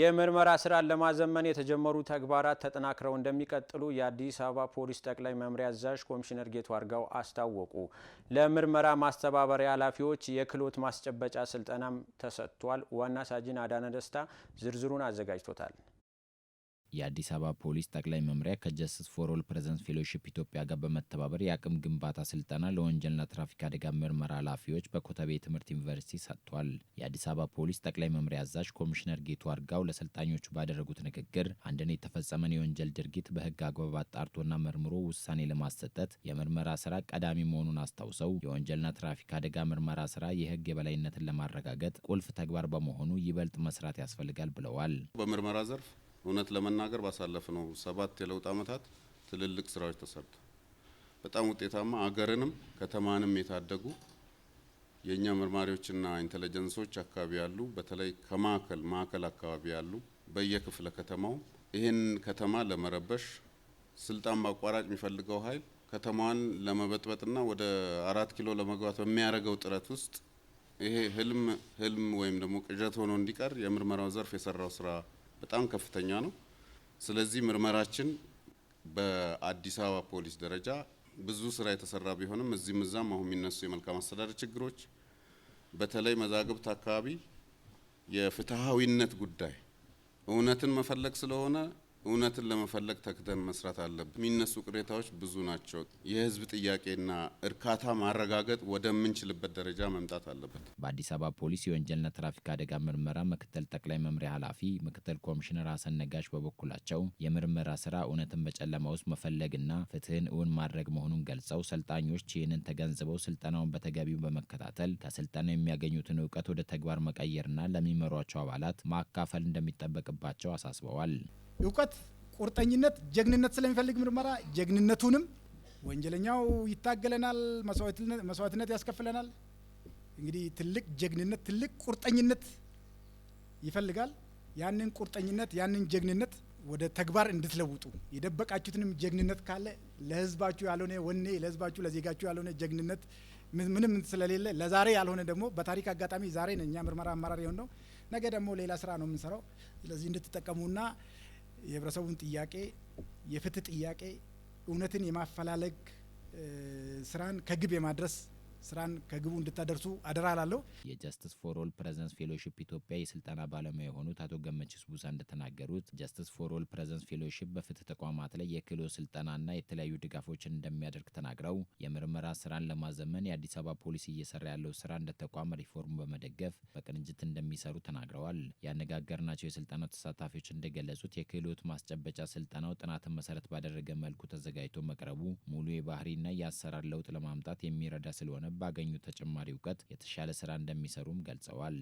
የምርመራ ስራን ለማዘመን የተጀመሩ ተግባራት ተጠናክረው እንደሚቀጥሉ የአዲስ አበባ ፖሊስ ጠቅላይ መምሪያ አዛዥ ኮሚሽነር ጌቱ አርጋው አስታወቁ። ለምርመራ ማስተባበሪያ ኃላፊዎች የክህሎት ማስጨበጫ ስልጠናም ተሰጥቷል። ዋና ሳጅን አዳነ ደስታ ዝርዝሩን አዘጋጅቶታል። የአዲስ አበባ ፖሊስ ጠቅላይ መምሪያ ከጀስቲስ ፎር ኦል ፕሬዘንስ ፌሎሺፕ ኢትዮጵያ ጋር በመተባበር የአቅም ግንባታ ስልጠና ለወንጀልና ትራፊክ አደጋ ምርመራ ኃላፊዎች በኮተቤ ትምህርት ዩኒቨርሲቲ ሰጥቷል። የአዲስ አበባ ፖሊስ ጠቅላይ መምሪያ አዛዥ ኮሚሽነር ጌቱ አርጋው ለሰልጣኞቹ ባደረጉት ንግግር አንድን የተፈጸመን የወንጀል ድርጊት በሕግ አግባብ አጣርቶና መርምሮ ውሳኔ ለማሰጠት የምርመራ ስራ ቀዳሚ መሆኑን አስታውሰው የወንጀልና ትራፊክ አደጋ ምርመራ ስራ የሕግ የበላይነትን ለማረጋገጥ ቁልፍ ተግባር በመሆኑ ይበልጥ መስራት ያስፈልጋል ብለዋል። በምርመራ ዘርፍ እውነት ለመናገር ነው ሰባት የለውጥ ዓመታት ትልልቅ ስራዎች ተሰርተ በጣም ውጤታማ አገርንም ከተማንም የታደጉ የእኛ መርማሪዎችና ኢንተለጀንሶች አካባቢ ያሉ በተለይ ከማዕከል ማዕከል አካባቢ ያሉ በየክፍለ ከተማው ይህን ከተማ ለመረበሽ ስልጣን በአቋራጭ የሚፈልገው ኃይል ከተማዋን ለመበጥበጥና ወደ አራት ኪሎ ለመግባት በሚያደርገው ጥረት ውስጥ ይሄ ህልም ህልም ወይም ደግሞ ቅዠት ሆኖ እንዲቀር የምርመራው ዘርፍ የሰራው ስራ በጣም ከፍተኛ ነው። ስለዚህ ምርመራችን በአዲስ አበባ ፖሊስ ደረጃ ብዙ ስራ የተሰራ ቢሆንም እዚህም እዛም አሁን የሚነሱ የመልካም አስተዳደር ችግሮች በተለይ መዛግብት አካባቢ የፍትሐዊነት ጉዳይ እውነትን መፈለግ ስለሆነ እውነትን ለመፈለግ ተክተን መስራት አለብን። የሚነሱ ቅሬታዎች ብዙ ናቸው። የህዝብ ጥያቄና እርካታ ማረጋገጥ ወደምንችልበት ደረጃ መምጣት አለበት። በአዲስ አበባ ፖሊስ የወንጀልና ትራፊክ አደጋ ምርመራ ምክትል ጠቅላይ መምሪያ ኃላፊ ምክትል ኮሚሽነር ሀሰን ነጋሽ በበኩላቸው የምርመራ ስራ እውነትን በጨለማ ውስጥ መፈለግና ፍትህን እውን ማድረግ መሆኑን ገልጸው ሰልጣኞች ይህንን ተገንዝበው ስልጠናውን በተገቢው በመከታተል ከስልጠናው የሚያገኙትን እውቀት ወደ ተግባር መቀየርና ለሚመሯቸው አባላት ማካፈል እንደሚጠበቅባቸው አሳስበዋል። እውቀት፣ ቁርጠኝነት፣ ጀግንነት ስለሚፈልግ ምርመራ ጀግንነቱንም ወንጀለኛው ይታገለናል፣ መስዋዕትነት ያስከፍለናል። እንግዲህ ትልቅ ጀግንነት፣ ትልቅ ቁርጠኝነት ይፈልጋል። ያንን ቁርጠኝነት ያንን ጀግንነት ወደ ተግባር እንድትለውጡ የደበቃችሁትንም ጀግንነት ካለ ለህዝባችሁ ያልሆነ ወኔ ለህዝባችሁ ለዜጋችሁ ያልሆነ ጀግንነት ምንም ስለሌለ ለዛሬ ያልሆነ ደግሞ በታሪክ አጋጣሚ ዛሬ ነው እኛ ምርመራ አመራር የሆን ነገ ደግሞ ሌላ ስራ ነው የምንሰራው። ስለዚህ እንድትጠቀሙና የህብረተሰቡን ጥያቄ የፍትህ ጥያቄ እውነትን የማፈላለግ ስራን ከግብ የማድረስ ስራን ከግቡ እንድታደርሱ አደራ አላለሁ። የጀስትስ ፎር ኦል ፕሬዘንስ ፌሎሺፕ ኢትዮጵያ የስልጠና ባለሙያ የሆኑት አቶ ገመችስ ቡሳ እንደተናገሩት ጀስትስ ፎር ኦል ፕሬዘንስ ፌሎሺፕ በፍትህ ተቋማት ላይ የክህሎት ስልጠናና የተለያዩ ድጋፎችን እንደሚያደርግ ተናግረው የምርመራ ስራን ለማዘመን የአዲስ አበባ ፖሊሲ እየሰራ ያለው ስራ እንደ ተቋም ሪፎርም በመደገፍ በቅንጅት እንደሚሰሩ ተናግረዋል። ያነጋገርናቸው የስልጠናው ተሳታፊዎች እንደገለጹት የክህሎት ማስጨበጫ ስልጠናው ጥናትን መሰረት ባደረገ መልኩ ተዘጋጅቶ መቅረቡ ሙሉ የባህሪና የአሰራር ለውጥ ለማምጣት የሚረዳ ስለሆነ ባገኙ ተጨማሪ እውቀት የተሻለ ስራ እንደሚሰሩም ገልጸዋል።